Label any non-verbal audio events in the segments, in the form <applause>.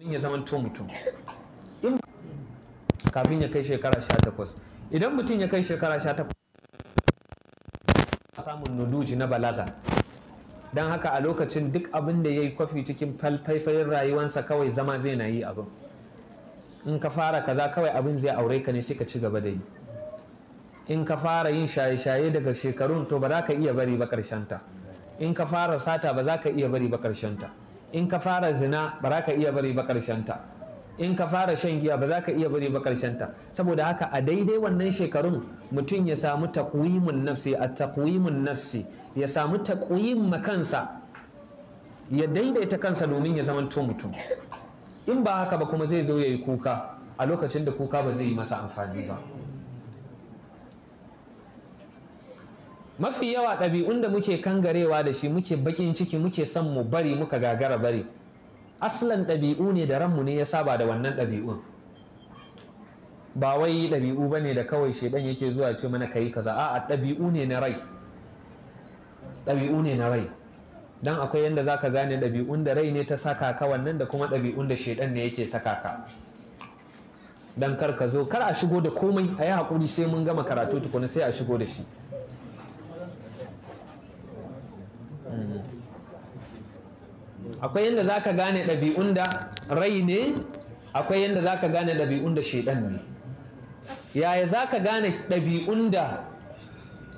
in ya zama mutum kafin ya kai shekara sha takwas idan mutum ya kai shekara sha takwas samun nuduji na balaga don haka a lokacin duk abin da ya yi kwafi cikin faifayin rayuwansa kawai zama zai na yi abin in ka fara kaza kawai abin zai aure ka ne sai ka ci gaba da yi in ka fara yin shaye-shaye daga shekarun to ba za ka iya bari ba ta in ka fara sata ba za ka iya bari ba ta in ka fara zina ba za ka iya bari ba ta in ka fara shan giya ba za ka iya bari ba ta saboda haka a daidai wannan shekarun mutum ya samu takwimin nafsi a takwimin nafsi ya samu takwim kansa ya daidaita kansa domin ya zama mutum in ba haka ba kuma zai zo ya yi kuka a lokacin da kuka ba zai yi masa amfani ba mafi yawa ɗabi'un da muke kangarewa da shi muke bakin ciki muke son mu bari muka gagara bari aslan ɗabi'u ne da ranmu ne ya saba da wannan ɗabi'un ba wai ɗabi'u ba ne da kawai shaidan yake zuwa ce mana kayi kaza a'a ɗabi'u ne na rai ɗabi'u ne na rai dan akwai yadda za ka gane ɗabi'un da rai ne ta saka ka wannan da kuma ɗabi'un da shaidan ne yake saka ka dan kar ka zo kar a shigo da komai a yi haƙuri sai mun gama karatu tukuna sai a shigo da shi akwai yadda za ka gane ɗabi'un da rai ne akwai yadda za ka gane ɗabi'un da shaidan ne yaya za ka gane ɗabi'un da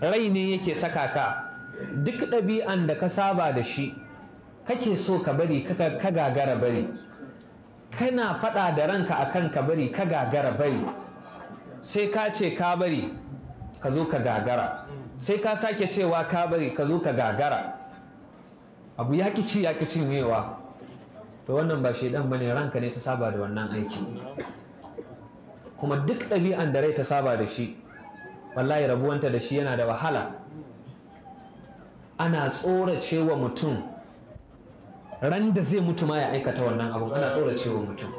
rai ne yake saka ka duk ɗabi'an da ka saba da shi kake so ka bari ka gagara bari kana faɗa da ranka a kan ka bari ka gagara bari sai ka ce ka bari ka zo ka gagara sai ka sake cewa ka bari ka zo ka gagara abu ya ƙi ci ya ƙi cinyewa to wannan ba shaidan bane ranka ne ta saba da wannan aiki kuma duk ɗabi'an da rai ta saba da shi wallahi rabuwanta da shi yana da wahala ana tsorace wa mutum ran da zai mutu ma ya aikata wannan abu ana tsorace wa mutum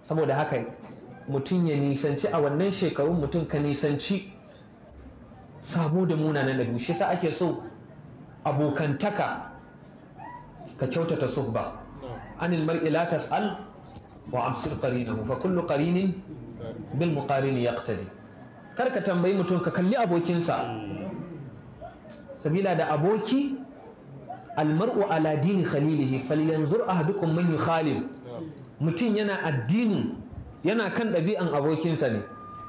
saboda haka mutum ya nisanci a wannan shekarun mutum ka nisanci sabo da munanan ɗabi'u shi sa ake so abokantaka ka kyautata suhba anil mar'i la tas'al wa amsir qarinahu fa kullu qarinin bil muqarini yaqtadi kar ka tambayi mutum ka kalli abokinsa sabila da aboki almar'u ala dini khalilihi falyanzur ahadukum man yukhalil mutum yana addinin yana kan ɗabi'an abokinsa ne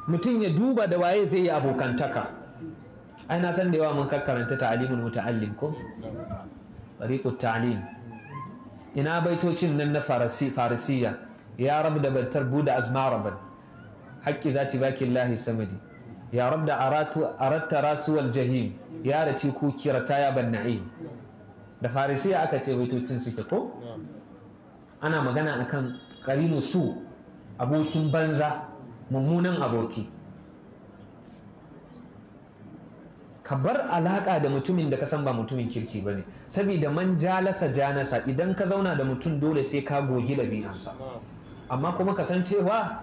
mutum ya duba da waye zai yi abokantaka ai na san da yawa mun karanta ta'alimul muta'allim ko tariqu ta'lim ina baitocin nan na farasi farasiya ya rabu da bantar buda azma rabban haqqi zati baki lahi samadi ya rab da aratu aratta rasuwal jahim ya rati ku kirata ya ban da farisiya aka ce baitocin suke ko ana magana akan qarinu su abokin banza mummunan aboki ka bar alaƙa da mutumin da ka san ba mutumin kirki ba ne saboda man jalasa janasa idan ka zauna da mutum dole sai ka gogi da ɗabi'ansa amma kuma ka san cewa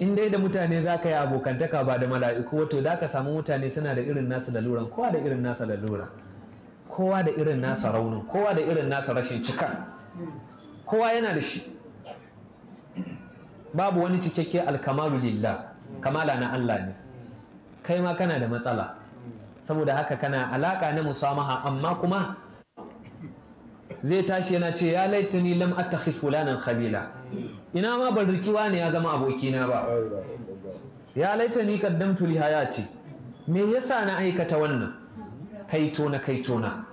in dai da mutane za ka yi abokantaka ba da mala'iku wato da ka samu mutane suna da irin nasa laluran kowa da irin nasa lalura kowa da irin nasa raunin kowa da irin nasa rashin cika kowa yana da shi babu wani cikakke alkamalu lillah kamala na Allah ne kai ma kana da matsala saboda haka kana alaka na musamaha amma kuma zai tashi yana ce ya laita ni lam attakhis fulanan khalila ina ma ban rikiwa ne ya zama abokina ba ya laita ni qaddamtu li hayati me yasa na aikata wannan kaito na kaito na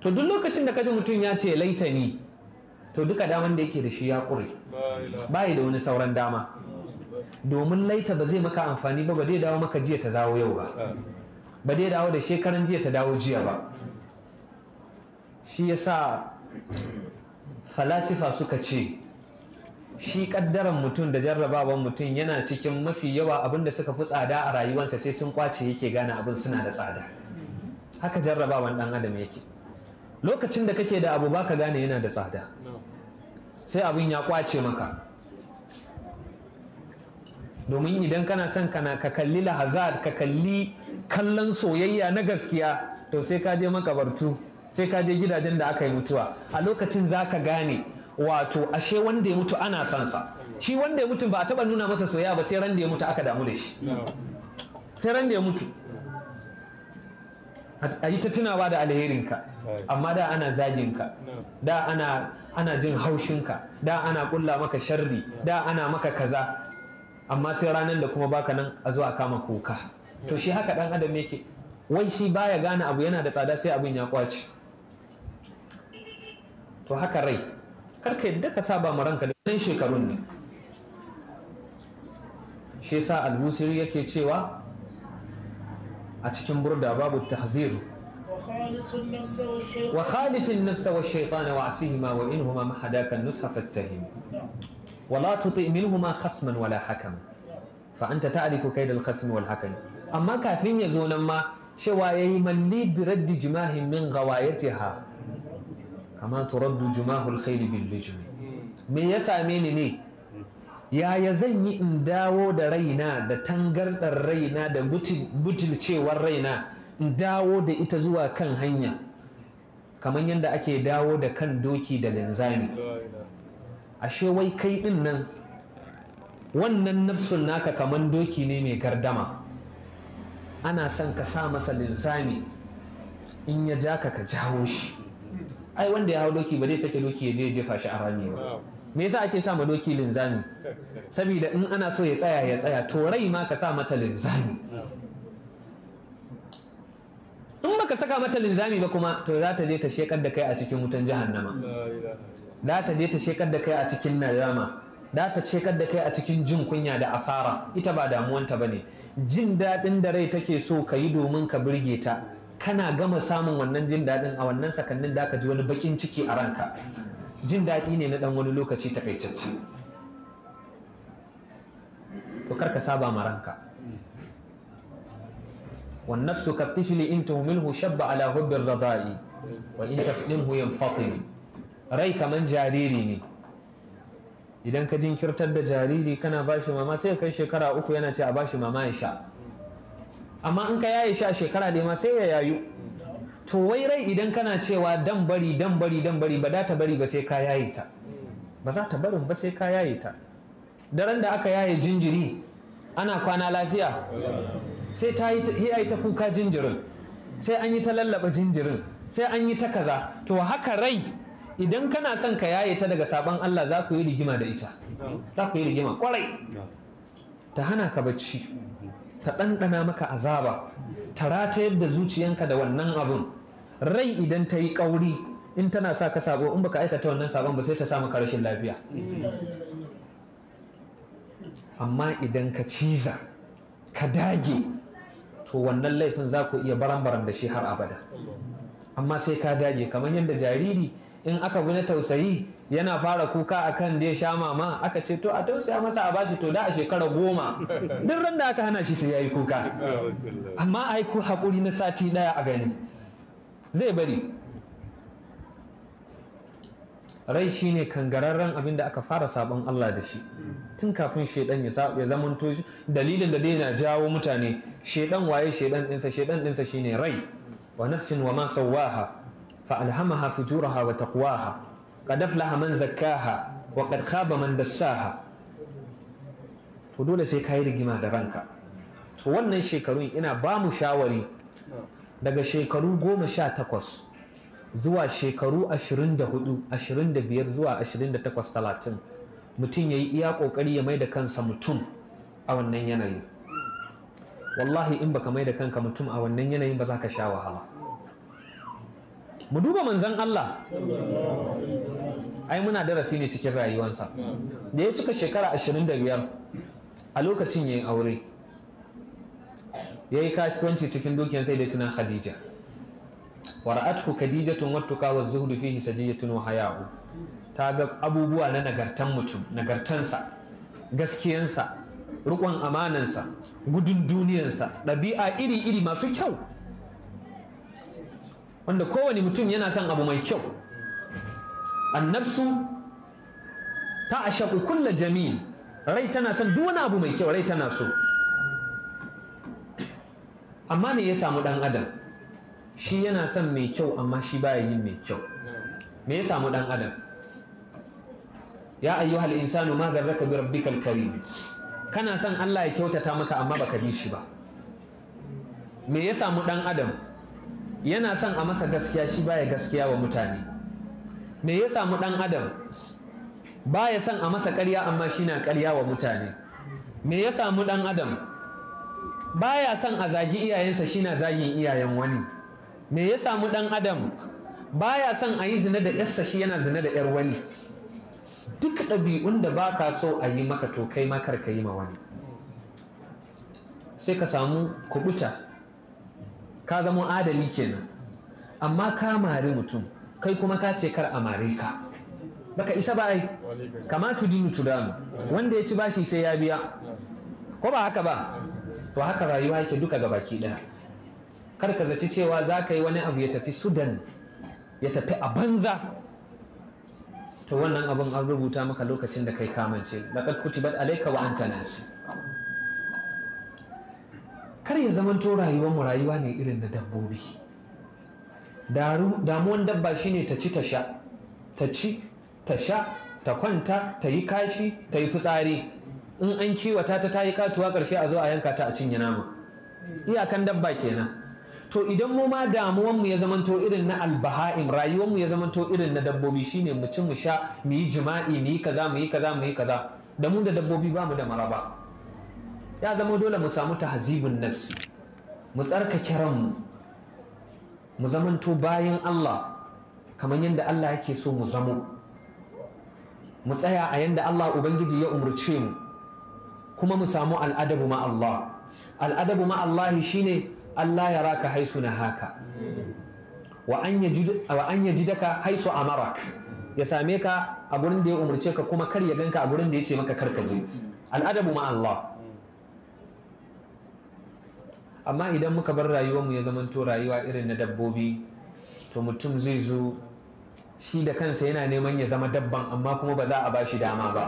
to duk lokacin da kaji mutum ya ce laita ni, to duka daman da yake da shi ya kure bai da wani sauran dama domin laita ba zai maka amfani ba ba zai dawo maka jiya ta zawo yau ba ba dai dawo da shekaran jiya ta dawo jiya ba shi ya sa falasifa suka ce shi kaddaran mutum da jarrabawan mutum yana cikin mafi yawa abin da suka fi tsada a rayuwansa sai sun kwace yake gane abin suna da tsada haka jarrabawan dan adam yake lokacin da kake da abu baka gane yana da tsada sai abin ya kwace maka domin idan kana son kana ka kalli lahazad ka kalli kallon soyayya na gaskiya to sai ka je makabartu sai ka je gidajen da aka yi mutuwa a lokacin za ka gane wato ashe wanda ya mutu ana son sa shi wanda ya mutu ba a taba nuna masa soyayya ba sai ran da ya mutu aka damu da shi sai ran da ya mutu a yi ta tunawa da alherinka amma da ana zaginka da ana ana jin haushinka da ana kulla maka sharri da ana maka kaza amma sai ranar da kuma baka nan a zuwa kama kuka to shi haka dan adam yake wai shi baya gane abu yana da tsada sai abin ya kwace to haka rai karka yadda ka saba ma ranka da ɗan shekarun ne shi sa al-musiri yake cewa a cikin burda babu tahzir wa khalifin nafsa wa shaytana wa asihima wa inhuma mahadaka nusha fattahim wala tuti minhuma kasman wala hakan. fa anta ta'rifu kaidal khasmi wala hakan. amma kafin ya zo nan ma cewa yayi malli bi raddi jimahin min ghawayatiha kama turaddu kai khayl bil lijm me ya same ni ne yaya zan yi in dawo da raina da tangarɗar raina da butulcewar raina in dawo da ita zuwa kan hanya kamar yadda ake dawo da kan doki da linzami ashe wai kai ɗin nan wannan nafsun naka kaman doki ne mai gardama ana son ka sa masa linzami in ya ja ka ka jawo shi ai wanda ya hau doki ba zai sake doki ya je jefa shi a rami ba me yasa ake sa ma doki linzami saboda in ana so ya tsaya ya tsaya to rai ma ka sa mata linzami in baka saka mata linzami ba kuma to za ta je ta shekar da kai a cikin wutan jahannama da ta je ta shekar da kai a cikin nadama da ta shekar da kai a cikin jin kunya da asara ita ba damuwanta ba ne jin daɗin da rai take so ka yi domin ka birge ta kana gama samun wannan jin daɗin a wannan sakannin da ka ji wani bakin ciki a ranka jin daɗi ne na ɗan wani lokaci takaitacce to kar ka saba ma ranka والنفس كالطفل إن تهمله شب على هب الرضاء وإن تفلمه ينفطم rai kamar jariri ne idan ka jinkirtar da jariri kana ba shi mama sai kai shekara uku yana ce a ba shi mama ya sha amma in ka yaye sha shekara ne ma sai ya yayu to wai rai idan kana cewa dan bari dan bari dan bari ba za ta bari ba sai ka yaye ta ba za ta barin ba sai ka yaye ta daren da aka yaye jinjiri ana kwana lafiya sai ta yi ta kuka jinjirin sai an yi ta lallaba jinjirin sai an yi ta kaza to haka rai idan kana son ka yaye ta daga sabon Allah za ku yi rigima da ita za ku yi rigima kwarai ta hana ka bacci ta ɗanɗana maka azaba ta ratayar da zuciyanka da wannan abun rai idan ta yi ƙauri in tana sa ka sabo in baka aikata wannan sabon ba sai ta samu maka lafiya amma idan ka ciza ka dage to wannan laifin za ku iya baran-baran da shi har abada amma sai ka dage kamar yadda jariri in aka bi na tausayi yana fara kuka a kan da ya sha mama aka ce to a tausaya masa a bashi to da a shekara goma <laughs> duk ran da aka hana shi sai ya yi kuka amma a yi hakuri na sati ɗaya a gani zai bari rai shine kangararren abin da aka fara sabon Allah da shi tun kafin shaidan ya ya zamanto dalilin da dai na jawo mutane shaidan waye shaidan dinsa ɗinsa dinsa shine rai wa nafsin wa ma ha? فألهمها فجورها وتقواها قد أفلح من زكاها وقد خاب من دساها to dole sai yi rigima da ranka wannan shekarun ina bamu shawari daga shekaru goma sha takwas zuwa shekaru ashirin da hudu ashirin da biyar zuwa ashirin da takwas talatin mutum ya yi iya ƙoƙari ya mai da kansa mutum a wannan yanayi wallahi in baka mai da kanka mutum a wannan yanayin ba za ka sha wahala mu duba manzan Allah ai muna darasi ne cikin rayuwansa da ya cika shekara ashirin da a lokacin yayin aure ya yi kasuwanci cikin dukiyar sai da tunan khadija wara'atku khadijatun wattuka wa zuhudu fihi sajiyatun wa hayahu ta ga abubuwa na nagartan mutum nagartansa gaskiyansa rikon amanansa gudun duniyansa ɗabi'a iri-iri masu kyau wanda kowane mutum yana son abu mai kyau annafsu ta shaƙu kulla jami'i rai tana son duk wani abu mai kyau rai tana so amma ne ya samu dan adam shi yana son mai kyau amma shi baya yin mai kyau me ya samu dan adam ya hal insanu ma garraka bi rabbikal karim kana son Allah ya kyautata maka amma baka bi shi ba me ya samu dan adam yana son a masa gaskiya shi baya gaskiya wa mutane me ya samu dan adam baya son a masa ƙarya amma shi na ƙarya wa mutane me ya samu dan adam baya son a zagi iyayensa shi na zagin iyayen wani me ya samu dan adam baya son a yi zina da yarsa shi yana zina da yar wani duk ɗabi'un da ba ka so a yi maka to kai ma kar ka yi ma wani sai ka samu kubuta ka zama adali kenan amma ka mari mutum kai kuma ka ce kar a mare ka baka isa ba ai kama tu tudanu wanda ya ci bashi sai ya biya ko ba haka ba to haka rayuwa yake duka ga baki daya kar ka zaci cewa za ka yi wani abu ya tafi sudan ya tafi a banza to wannan abun an rubuta maka lokacin da kai kamance laqad kutibat alayka wa anta nasi kar ya zamanto rayuwar mu rayuwa ne irin na dabbobi damuwan dabba shine ta ci ta sha ta ci ta sha ta kwanta ta yi kashi ta yi fitsari in an kiwata ta ta yi katuwa ƙarshe a zo a yanka ta a cinye nama iyakan dabba kenan to idan mu ma damuwan mu ya zamanto irin na albaha'im rayuwar mu ya zamanto irin na dabbobi shi ne mu ci mu sha mu yi jima'i mu yi kaza mu yi kaza mu yi kaza da mu da dabbobi ba mu da maraba ya zama dole mu samu ta tahzibun nafsi mu tsarkake ranmu mu zamanto bayan Allah kamar yadda Allah yake so mu zamo mu tsaya a yadda Allah ubangiji ya umarce mu kuma mu samu al'adabu ma Allah al'adabu ma Allah shine Allah ya raka haisu na haka wa an ya yaji daka haisu amarak ya same ka a gurin da ya umarce ka kuma kar ya ganka a gurin da ya ce maka karkaje al'adabu ma Allah amma idan muka bar rayuwarmu ya zamanto rayuwa irin na dabbobi to mutum zai zo shi da kansa yana neman ya zama dabban amma kuma ba za a ba shi dama ba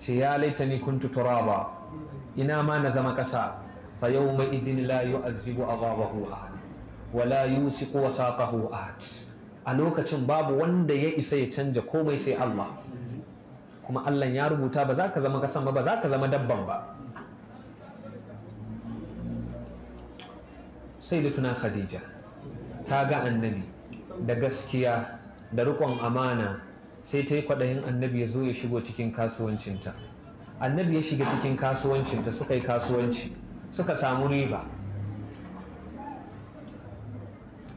ce ya ni kuntu turaba ina ma na zama ƙasa fa yau mai izin la yu'azzibu azabahu ahad wala yusiqu wasaqahu ahad a lokacin babu wanda ya isa ya canja komai sai Allah kuma Allah ya rubuta ba za ka zama ƙasan ba ba za ka zama dabban ba sai da tuna khadija ta ga annabi da gaskiya da riƙon amana sai ta yi kwaɗayin annabi ya zo ya shigo cikin kasuwancinta annabi ya shiga cikin kasuwancinta suka yi kasuwanci suka samu riba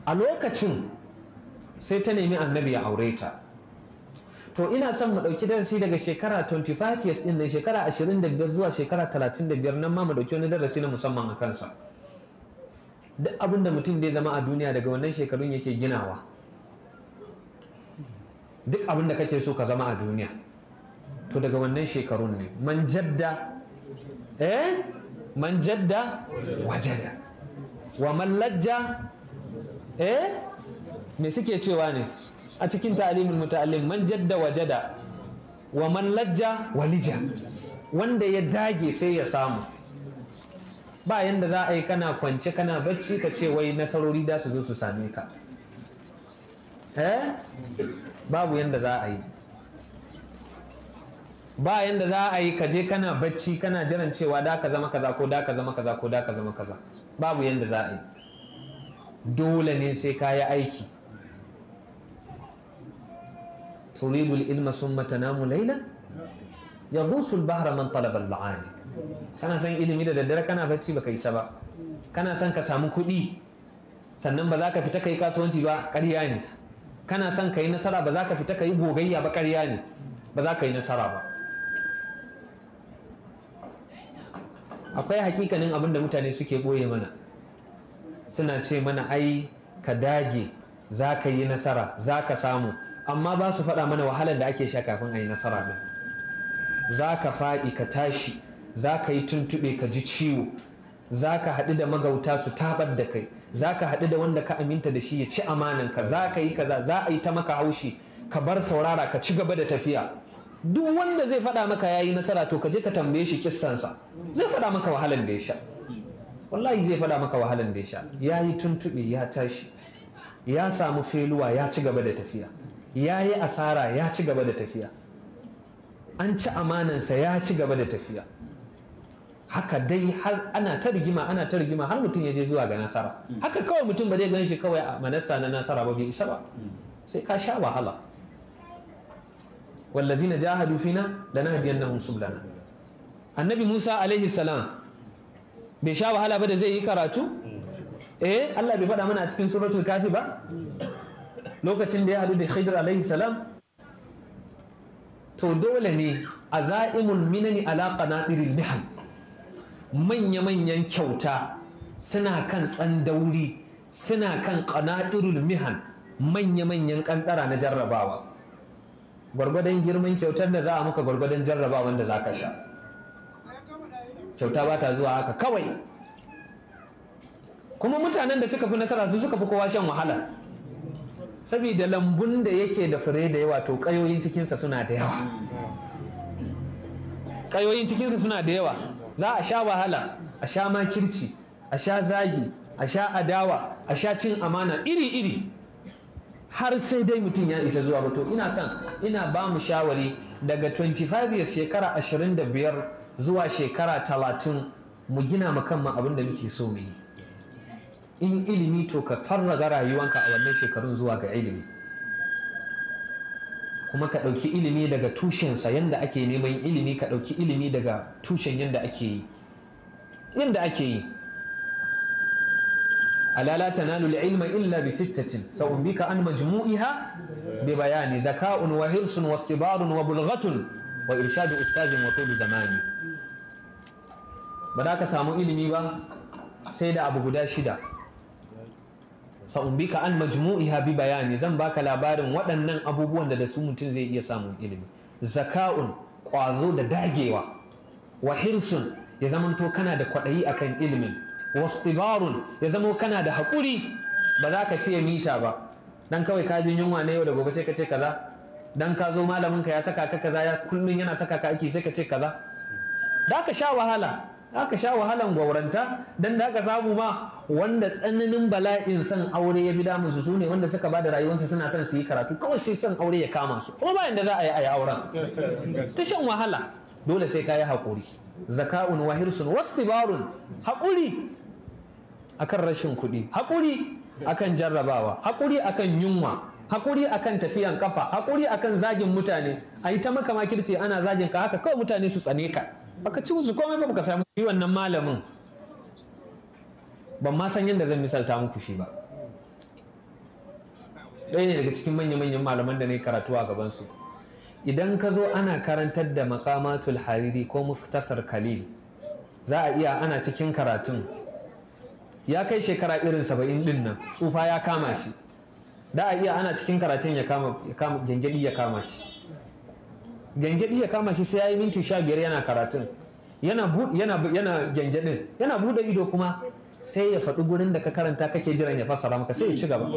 a lokacin sai ta nemi annabi ya aure ta to ina son mu ɗauki darasi daga shekara 25 years ɗin nan shekara 25 zuwa shekara 35 nan ma mu ɗauki wani darasi na musamman a kansa duk abin da mutum zai zama a duniya daga wannan shekarun yake ginawa duk abin da kake so ka zama a duniya to daga wannan shekarun ne man jadda eh man jadda wajada wa man lajja eh me suke cewa ne a cikin ta'alimin muta'allim man jadda wajada wa man lajja walija wanda ya dage sai ya samu ba yanda za a yi kana kwance kana bacci ka ce wai nasarori da su zo su same ka eh babu yanda za a yi ba yanda za a yi ka je kana bacci kana jiran cewa da ka zama kaza ko da ka zama kaza ko da ka zama kaza babu yanda za a yi dole ne sai ka yi aiki turidul ilma summa tanamu laylan yaghusul bahra man talaba al-ma'ani kana son ilimi da daddare kana bacci baka isa ba kana son ka samu kuɗi sannan ba za ka fita ka yi kasuwanci ba ƙarya ne kana son ka yi nasara ba za ka fita ka yi gogayya ba ƙarya ne ba za ka yi nasara ba akwai hakikanin abin da mutane suke ɓoye mana suna ce mana ai ka dage za ka yi nasara za ka samu amma ba su faɗa mana wahalar da ake sha kafin a yi nasara ɗin za ka faɗi ka tashi za ka yi tuntuɓe ka ji ciwo za ka haɗu da magauta su tabar da kai za ka haɗu da wanda ka aminta da shi ya ci amananka za ka yi kaza za a yi ta maka haushi ka bar saurara ka ci gaba da tafiya duk wanda zai faɗa maka ya yi nasara to ka je ka tambaye shi kissansa zai faɗa maka wahalan da ya sha wallahi zai faɗa maka wahalan da ya sha ya yi tuntuɓe ya tashi ya samu feluwa ya ci gaba da tafiya ya yi asara ya ci gaba da tafiya an ci amanansa ya ci gaba da tafiya haka dai har ana ta rigima ana ta rigima har mutum ya je zuwa ga nasara mm. haka kawai mutum ba zai gan shi kawai a manassa na nasara ba bai isa ba mm. sai ka sha wahala jaha na wallazina na fina lanahdiyannahum sublana annabi Musa alaihi salam bai sha wahala ba da zai yi karatu mm. eh Allah bai faɗa mana a cikin suratul kafi ba lokacin da ya hadu da khidr alaihi salam to dole ne a za'imul minani ala qanatiril bihal manya-manyan kyauta suna kan tsandauri suna kan ƙanaɗirul mihan manya-manyan ƙanɗara na jarrabawa gwargwadon girman kyautar da za a muka gwargwadon jarrabawan da za ka sha kyauta ba ta zuwa haka kawai kuma mutanen da suka fi nasara su suka fi kowa shan wahala saboda lambun da yake da fure da yawa to ƙayoyin cikinsa suna da yawa ƙayoyin cikinsa suna da yawa za a sha wahala a sha makirci a sha zagi a sha adawa a sha cin amana iri-iri har sai dai mutum ya isa zuwa to ina son ina ba mu shawari daga 25 years shekara 25 zuwa shekara 30 mu gina mu kanmu abin da muke so mu yi in ilimi to ka farraga rayuwanka a wannan shekarun zuwa ga ilimi kuma ka ɗauki ilimi daga tushensa yadda ake neman ilimi ka ɗauki ilimi daga tushen yadda ake yi yadda ake yi alala tanalu ilma illa bi sittatin sa'umbika an majmu'iha bi bayani zaka'un wa hirsun wa istibarun wa bulghatun wa irshadu ustazin wa tulu zamani ba za ka samu ilimi ba sai da abu guda shida ka an majmu'iha bi bayani zan baka labarin waɗannan abubuwan da da su mutum zai iya samun ilimi zaka'un ƙwazo da dagewa wa hirsun ya zamanto kana da kwaɗayi akan ilimin wastibarun ya zamo kana da haƙuri ba za ka fiye mita ba dan kawai ka ji yunwa na yau da gobe sai ka ce kaza dan ka zo malamin ka ya saka ka kaza ya kullun yana saka ka aiki sai ka ce kaza da ka sha wahala aka sha wahalan gwauranta dan da aka samu ma wanda tsananin bala'in son aure ya bi damunsu su ne wanda suka bada rayuwarsu suna son su yi karatu kawai sai son aure ya kama su kuma bayan da za a yi a yi auren ta shan wahala dole sai ka yi haƙuri zaka'un wa hirsun wastibarun haƙuri akan rashin kuɗi haƙuri akan jarrabawa haƙuri akan yunwa hakuri akan tafiyan kafa hakuri akan zagin mutane a yi ta maka makirci ana zagin ka haka kawai mutane su tsane ka baka ci musu komai ba baka samu shi wannan malamin ban ma san yadda zan misalta muku shi ba ɗaya ne daga cikin manya-manyan malaman da na yi karatu a gabansu idan ka zo ana karantar da makamatul hariri ko muftasar khalil za a iya ana cikin karatun ya kai shekara irin saba'in din nan tsufa ya kama shi da a iya ana cikin karatun ya kama gyangyaɗi ya kama shi gyangyaɗi ya kama shi sai ya yi minti sha biyar yana karatun yana yana gyangyaɗin yana buɗe ido kuma sai ya faɗi gurin da ka karanta kake jiran ya fassara maka sai ya ci gaba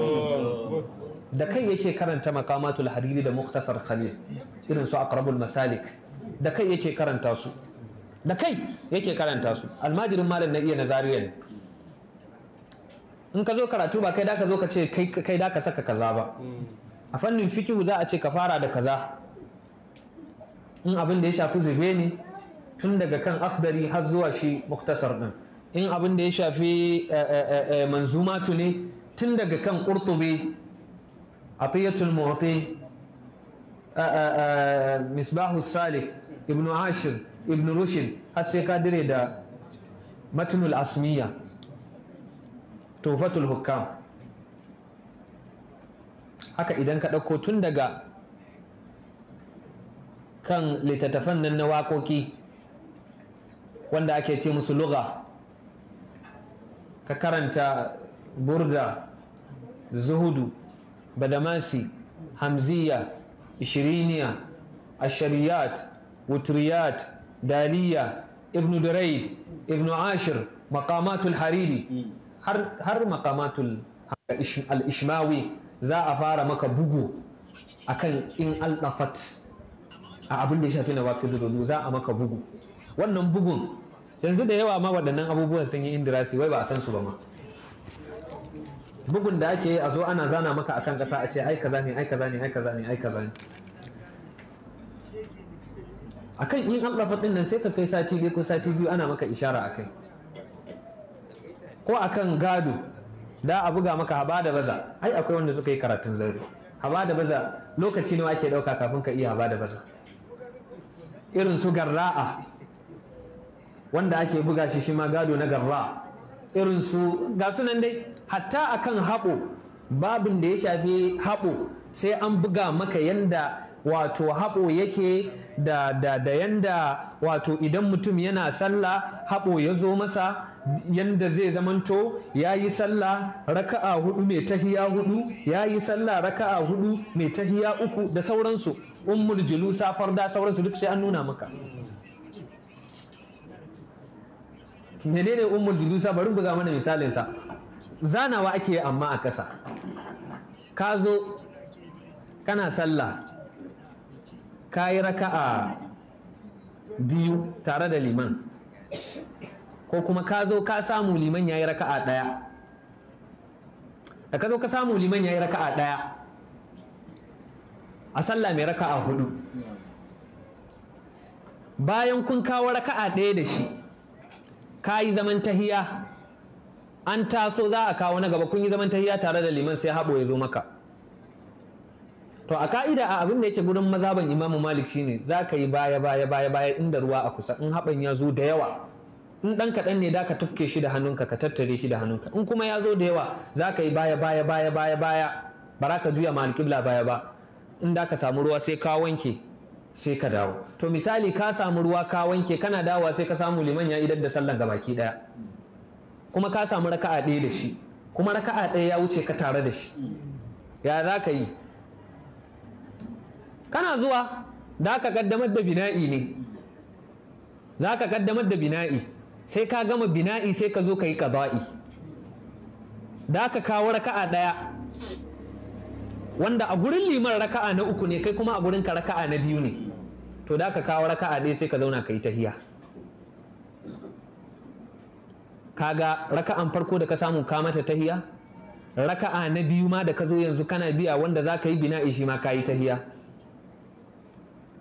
da kai yake karanta makamatul hariri da muktasar khalil irin su aqrabul masalik da kai yake karanta su da kai yake karanta su almajirin malam na iya na zariya ne in ka zo karatu ba kai da ka zo ka ce kai da ka saka kaza ba a fannin fikihu za a ce ka fara da kaza in abin da ya shafi zube ne tun daga kan akhdari har zuwa shi muktasar din in abin da ya shafi eh, eh, eh, manzumatu ne tun daga kan qurtubi atiyatul mu'ti misbahu salik ibnu ashir ibnu rushd har sai ka dire da matnul asmiya tufatul hukam haka idan ka ɗauko tun daga kan littattafan nan na waƙoƙi wanda ake ce musu luga ka karanta burga zuhudu badamasi hamziya ishiriniya ashariyat wutriyat daliya ibn duraid ibn ashir makamatul hariri har makamatul al-ishmawi za a fara maka bugu akan in al-dafat a abin da ya shafi na dodo za a maka bugu wannan bugun yanzu da yawa ma waɗannan abubuwan sun yi indirasi wai ba a san su ba ma bugun da ake a zo ana zana maka akan ƙasa a ce ai kaza ne ai kaza ne ai kaza ne ai kaza ne akan in Allah faɗin nan sai ka kai sati biyu ko sati biyu ana maka ishara kai. ko akan gado da a buga maka haba da baza ai akwai wanda suka yi karatun zaure haba da baza lokaci nawa ake ɗauka kafin ka iya haba da baza irin su garra'a wanda ake buga shi shi ma gado na garra irin su ga sunan dai hatta akan haɓo babin da ya shafi haɓo sai an buga maka yanda wato haɓo yake da yanda wato idan mutum yana sallah haɓo ya zo masa yanda zai zamanto ya yi sallah raka'a hudu mai tahiya hudu ya yi sallah raka'a hudu mai tahiya uku da sauransu ummul safar da sauransu duk sai an nuna maka menene ummul sa bari buga mana misalin sa zanawa ake amma a kasa ka zo kana sallah ka yi raka'a biyu tare da liman ko kuma ka zo ka samu liman ya yi raka'a ɗaya da ka zo ka samu liman ya yi raka'a ɗaya a sallah mai raka'a hudu bayan kun kawo raka'a ɗaya da shi ka yi zaman tahiya an taso za a kawo na gaba kun yi zaman tahiya tare da liman sai haɓo ya zo maka to a ka'ida a abin da yake gurin mazaban imamu malik shine za ka yi baya baya baya baya inda ruwa a kusa in haɓan ya zo da yawa in ɗan kaɗan ne za ka tafke shi da hannunka ka tattare shi da hannunka in kuma ya zo da yawa za ka yi baya baya baya baya baya ba za ka juya ma alƙibla baya ba in da ka samu ruwa sai ka wanke sai ka dawo to misali ka samu ruwa ka wanke kana dawowa sai ka samu liman ya idar da sallan gabaki ɗaya kuma ka samu raka'a ɗaya da shi kuma raka'a ɗaya ya wuce ka tare da shi ya za ka yi kana zuwa da ka kaddamar da bina'i ne za ka kaddamar da bina'i sai ka gama bina'i sai ka zo ka yi ƙaba'i da ka kawo raka'a ɗaya wanda a gurin liman raka'a na uku ne kai kuma a gurin ka raka'a na biyu ne to da ka kawo raka'a ɗaya sai ka zauna ka yi tahiya ga raka'an farko da ka samu ka mata tahiya raka'a na biyu ma da ka zo yanzu kana biya wanda za ka yi bina'i shi ma ka yi tahiya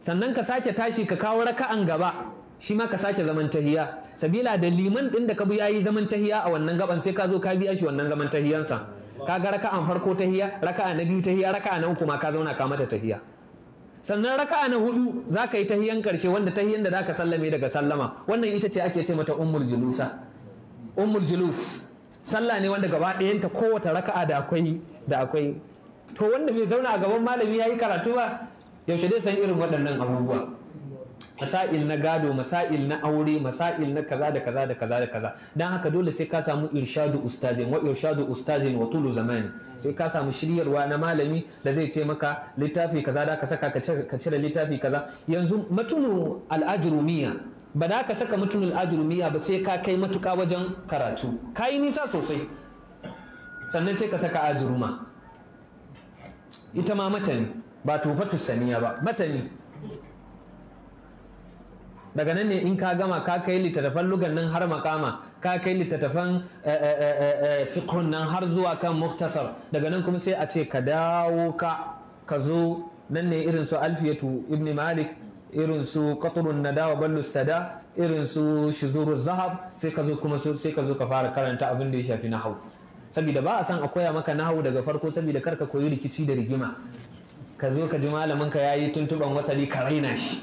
sannan ka sake tashi ka kawo raka'an gaba shi ma ka sake zaman tahiya sabila da liman din da ka bi yi zaman tahiya a wannan gaban sai ka zo ka biya shi wannan zaman tahiyansa kaga raka'an farko tahiya raka'a na biyu tahiya raka'a na uku ma ka zauna ka mata tahiya sannan raka'a na hudu za ka yi tahiyan karshe wanda tahiyan da za ka sallame daga sallama wannan ita ce ake ce mata ummul julusa ummul julus sallah ne wanda gaba ɗayanta kowace raka'a da akwai da akwai to wanda bai zauna a gaban malami yi karatu ba yaushe dai san irin waɗannan abubuwa masail na gado masail na aure masail na kaza da kaza da kaza da kaza dan haka dole sai ka samu irshadu ustazin wa irshadu ustazin wa tulu zamani sai ka samu shiryarwa na malami da zai ce maka littafi kaza da ka saka ka cire littafi kaza yanzu matunu al'ajrumiya ba da ka saka mutumin ajurumiya ba sai ka kai matuka wajen karatu ka nisa sosai sannan sai ka saka ajruma ita ma matani ba tufatu saniya ba matani daga nan ne in ka gama ka kai littattafan lugan nan har makama ka kai littattafan eh, eh, eh, fiqhun nan har zuwa kan muktasar daga nan kuma sai a ce ka dawo ka ka zo nan ne irin su alfiyatu ibn malik irin su qatrun Nadawa ballu sada irin su shizuru zahab sai ka zo kuma sai ka zo ka fara karanta abin da ya shafi na saboda ba a san a koya maka nahau daga farko saboda kar ka koyi rikici da rigima ka zo ka ji malamin ka yayi tuntuban wasali ka raina shi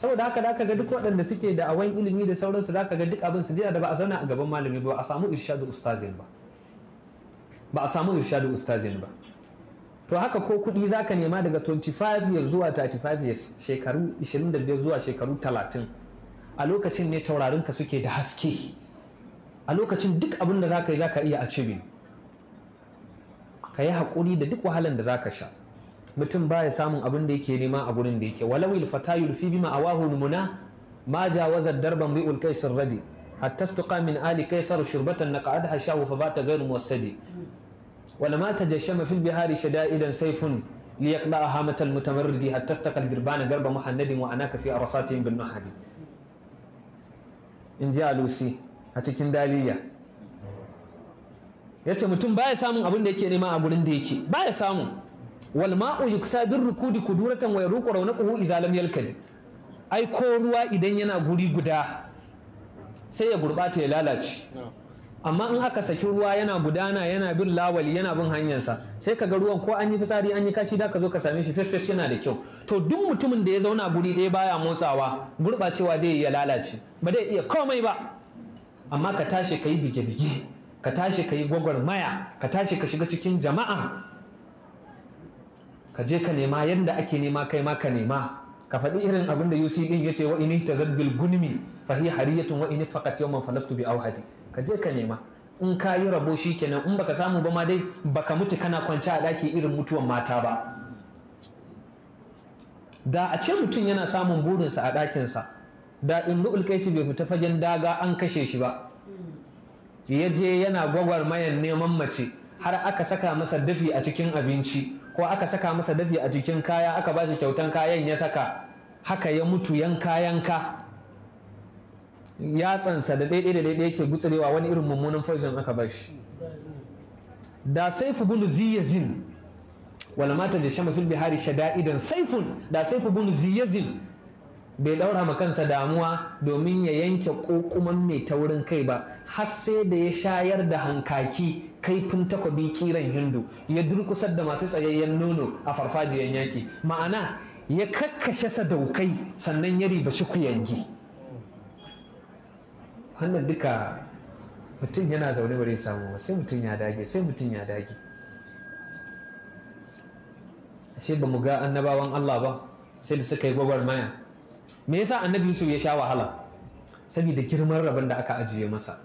saboda haka da ga duk waɗanda suke da awan ilimi da sauransu da ga duk abin su da ba a zauna a gaban malami ba a samu irshadu ustazin ba ba a samu irshadu ustazin ba to haka ko kuɗi za ka nema daga 25 years zuwa 35 years shekaru 25 zuwa shekaru 30 a lokacin ne ka suke da haske a lokacin duk abin da za ka yi za ka iya a cibin ka yi haƙuri da duk wahalan da za ka sha mutum ya samun abin da yake nema a gurin da yake walau il fata yulfi bima awahu ma darban bi ulkai sirradi hatta min ali kaisar shurbatan naqad hashahu fa bata ghayr muwassadi wala ma tajashama fil bihari shada'idan sayfun hamatal mutamarridi hatta garba wa anaka fi arasatin bin in ji alusi a cikin daliya ya ce mutum baya samun abin da yake nema a gurin da yake baya samun walma ma'u yuksa rukudi kuduratan wa yaruqu raunaquhu idza lam ai ko ruwa idan yana guri guda sai ya gurbata ya lalace amma in aka saki ruwa yana gudana yana bin lawali yana bin hanyarsa sai ka ga ruwan ko an yi fitsari an yi kashi da ka zo ka same shi fesfes yana da kyau to duk mutumin da ya zauna guri ɗaya baya motsawa gurɓacewa dai ya lalace ba dai iya komai ba amma ka tashi ka yi bige-bige ka tashi ka yi gwagwarmaya ka tashi ka shiga cikin jama'a ka je ka nema yadda ake nema kai ma ka nema ka faɗi irin abin da UC din yace wa ini tazad gunmi fa hiya hariyatun wa in faqat yawman falaftu bi awhadi ka je ka nema in ka yi rabo shikenan in baka samu ba ma dai baka mutu kana kwance a daki irin mutuwan mata ba da a ce mutum yana samun burinsa a ɗakinsa da in kai kaisi bai fita fagen daga an kashe shi ba ya je yana gwagwarmayar neman mace har aka saka masa dafi a cikin abinci ko aka saka masa dafi a jikin kaya aka ba shi kyautan kayan ya saka haka ya mutu 'yan ka ya yatsansa da ɗaiɗai da ɗaiɗai ke gutsurewa wani irin mummunan poison aka ba shi da saifu bunu ziyazin wala mata da shama fil bihari shada'idan saifun da saifu bunu ziyazin bai ɗaura ma kansa damuwa domin ya yanke kokuman mai taurin kai ba har sai da ya shayar da hankaki kaifin takobi kiran hindu ya durkusar da masu tsayayyen nono a farfajiyar yaki ma'ana ya kakkashe sadaukai sannan ya riba shi kuyangi wannan duka mutum yana zaune bare samu sai mutum ya dage sai mutum ya dage ashe ba mu ga annabawan Allah ba sai da suka yi gwagwarmaya me yasa annabi Yusuf ya sha wahala saboda girman rabin da aka ajiye masa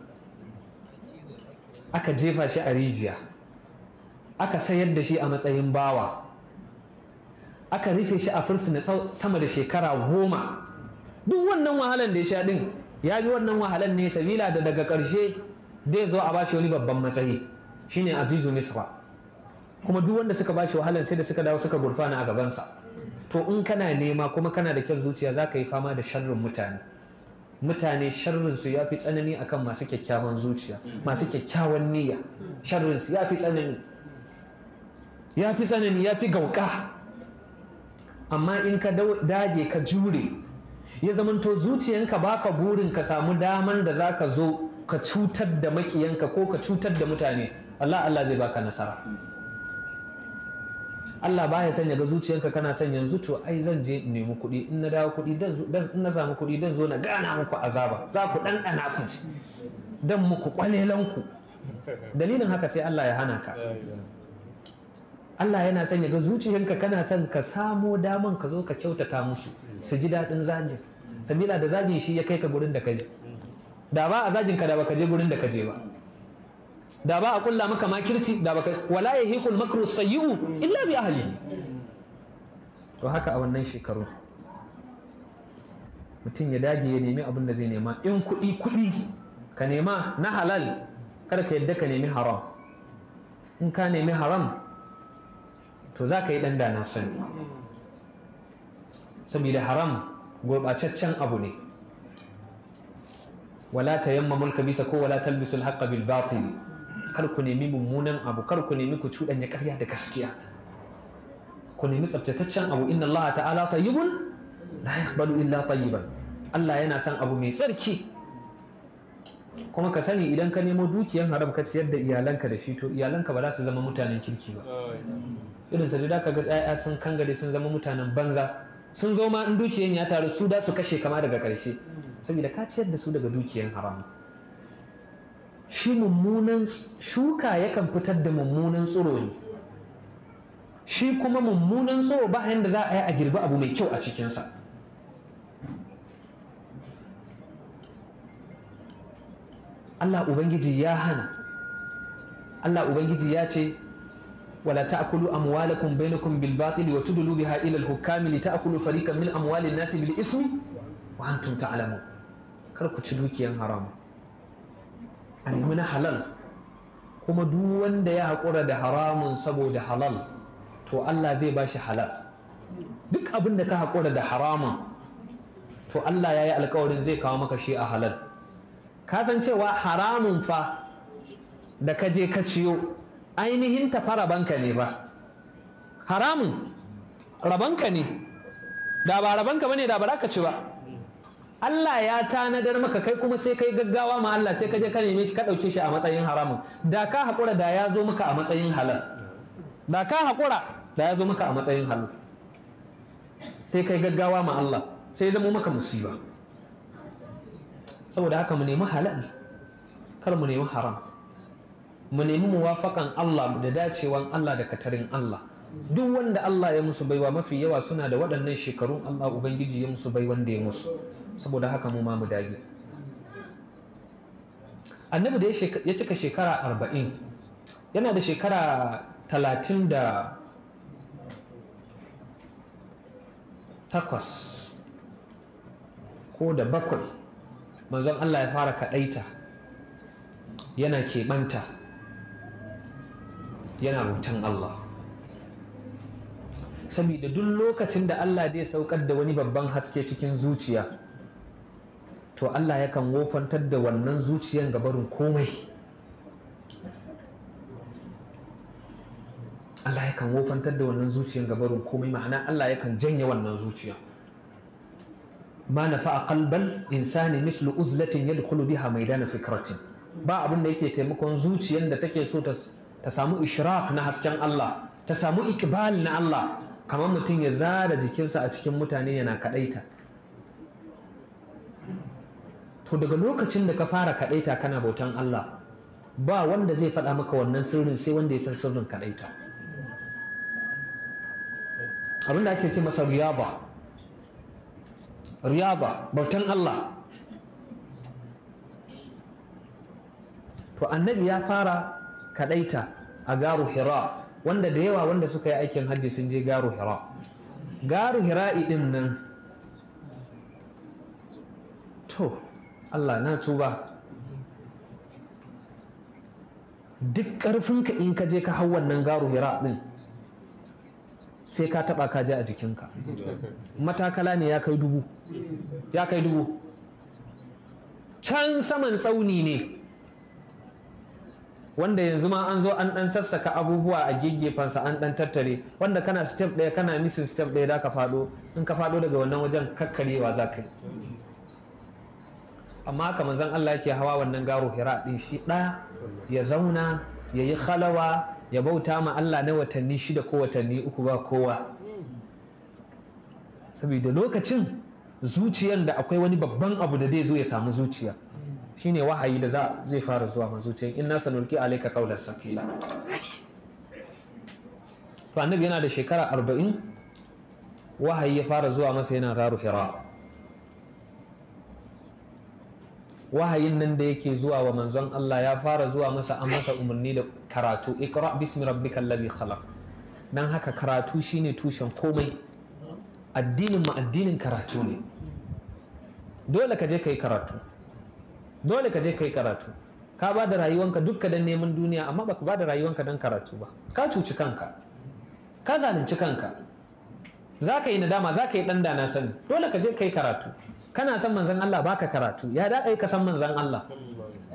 aka jefa shi a rijiya aka sayar da shi a matsayin bawa aka rufe shi a fursuna sama da shekara goma duk wannan wahalan da ya sha din ya bi wannan wahalan ne sabila da daga ƙarshe ya zo a bashi wani babban matsayi shine azizu misra kuma duk wanda suka bashi wahalan sai da suka dawo suka gurfana a gabansa to in kana nema kuma kana da kyan zuciya za ka yi fama da sharrin mutane mutane sharrinsu ya fi tsanani akan masu kyakkyawan zuciya hmm. masu kyakkyawan niyya sharrinsu ya fi tsanani ya fi tsanani ya fi gauka amma in ka dage ka jure ya zamanto zuciyanka baka burin ka samu daman da za ka zo ka cutar da makiyanka ko ka cutar da mutane Allah Allah zai baka nasara Allah baya son ya ga zuciyarka kana son yanzu to ai zan je in nemi kuɗi in na dawo kuɗi dan in na samu kuɗi dan zo na gana muku azaba za ku dan dana ku ji dan muku kwalelan ku dalilin haka sai Allah ya hana ka Allah yana son ya ga zuciyarka kana son ka samo daman ka zo ka kyautata musu su ji daɗin zagin sabila da zagin shi ya kai ka gurin da ka da ba a zagin ka da baka je gurin da ka je ba da ba a kulla maka makirci da baka wala yahiqul makru sayyi'u illa bi ahli to haka a wannan shekaru mutum ya dage ya nemi abin da zai nema in kuɗi kuɗi ka nema na halal kar ka yadda ka nemi haram in ka nemi haram to za ka yi ɗan dana sani saboda haram gurɓataccen abu ne wala ta yamma mulka bisa ko wala talbisul haqqa bil batil kar ku nemi mummunan abu kar ku nemi ku ya karya da gaskiya ku nemi tsaftataccen abu inna Allah ta'ala tayyibun la yaqbalu illa tayyiban Allah yana son abu mai tsarki kuma ka sani idan ka nemo dukiyar haram ka ciyar da iyalanka da shi to iyalanka ba za su zama mutanen kirki ba irin sa da ga tsaya sun kangare sun zama mutanen banza sun zo ma in dukiyar ya taru su da su kashe kama daga karshe saboda ka ciyar da su daga dukiyar haram shi mummunan shuka yakan fitar da mummunan tsiro ne shi kuma mummunan tsiro ba yadda za a yi a girbi abu mai kyau a cikinsa Allah Ubangiji ya hana Allah Ubangiji ya ce ولا تأكلوا أموالكم بينكم بالباطل وتدلوا بها إلى الحكام لتأكلوا فريقا من أموال الناس بالإثم وأنتم تعلمون كركو ci يا حرام a nemi na halal kuma duk wanda ya haƙura da haramun saboda halal to Allah zai ba shi halal duk abin da ka haƙura da haramun to Allah ya yi alkawarin zai kawo maka shi a halal ka san cewa haramun fa da ka je ka ciyo ainihin ta rabanka ne ba haramun rabanka ne da ba rabanka ne da ba za ka ci ba Allah ya tanadar maka kai kuma sai kai gaggawa ma Allah sai ka je ka neme shi ka ɗauke shi a matsayin haramun da ka haƙura da ya zo maka a matsayin halal da ka haƙura da ya zo maka a matsayin halal sai kai gaggawa ma Allah sai zama maka musiba saboda haka mu nemi halal kar mu nemi haram mu nemi muwafaƙan Allah da dacewan Allah da katarin Allah duk wanda Allah ya musu baiwa mafi yawa suna da waɗannan shekarun Allah Ubangiji ya musu bai wanda ya musu saboda haka mu ma mu dage annabi da ya cika shekara arba'in yana da shekara talatin da takwas ko da bakwai manzon Allah ya fara kaɗaita yana keɓanta yana rutan Allah saboda duk lokacin da Allah zai saukar da wani babban haske cikin zuciya to Allah yakan wofantar da wannan zuciyan ga komai Allah yakan wofantar da wannan zuciyan ga komai ma'ana Allah yakan janye wannan zuciya ma nafa'a qalbal insani mislu uzlatin yadkhulu biha maidana fikratin ba abin da yake taimakon zuciyar da take so ta samu ishraq na hasken Allah ta samu ikbal na Allah kamar mutum ya zara jikinsa a cikin mutane yana kadaita to daga lokacin da ka fara kaɗaita kana bautan Allah ba wanda zai faɗa maka wannan sirrin sai wanda ya san sirrin kaɗaita abin da ake ce masa riyaba riyaba bautan Allah to annabi ya fara kaɗaita a garu hira wanda da yawa wanda suka yi aikin hajji sun je garu hira garu hira'i ɗin nan to Allah na tuba duk ƙarfinka in ka je ka hau wannan garo hira ɗin sai ka taɓa ka je a jikinka matakala ne ya kai dubu ya kai dubu can saman tsauni ne wanda yanzu ma an zo an ɗan sassaka abubuwa a gegefansa an ɗan tattare wanda kana step ɗaya kana misin step ɗaya da ka faɗo in ka faɗo daga wannan wajen kakkarewa za ka yi amma haka zan Allah yake hawa wannan garo hira din shi Ɗa ya zauna ya yi khalawa ya bauta ma Allah na watanni shida ko watanni uku ba kowa saboda lokacin zuciyar da akwai wani babban abu da zai zo ya samu zuciya shine wahayi da zai fara zuwa ma zuciyar in na sanulki alaika kaular sakila to annabi yana da shekara arba'in wahayi ya fara zuwa masa yana garu hira wahayin nan da yake zuwa wa manzon Allah ya fara zuwa masa an masa umarni da karatu ikra bismi rabbikal ladzi khalaq dan haka karatu shine tushen komai addinin ma addinin karatu ne dole ka je kai karatu dole ka je kai karatu ka ba da rayuwanka dukka dan neman duniya amma baka ba da rayuwanka dan karatu ba ka cuci kanka ka zalunci kanka za ka yi nadama za ka yi ɗan dana sani dole ka je kai karatu kana son manzon Allah baka karatu ya da ka san manzon Allah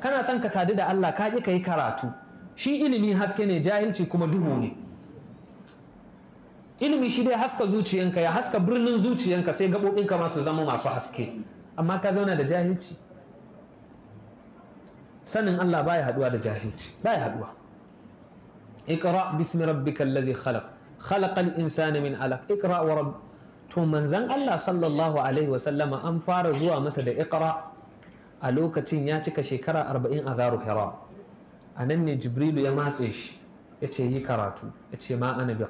kana son ka sadu da Allah ka ki kai karatu shi ilimi haske ne jahilci kuma duhu ne ilimi shi dai haska zuciyanka ya haska birnin zuciyanka sai gaɓoɓinka su zama masu haske amma ka zauna da jahilci sanin Allah baya haduwa da jahilci baya haduwa اقرأ باسم ربك الذي خلق خلق الإنسان من علق اقرأ ورب to manzan Allah sallallahu alaihi wasallama an fara zuwa masa da ikra a lokacin ya cika shekara arba'in a garu hira a nan ne jibrilu ya matse shi ya ce yi karatu ya ce ma ana bi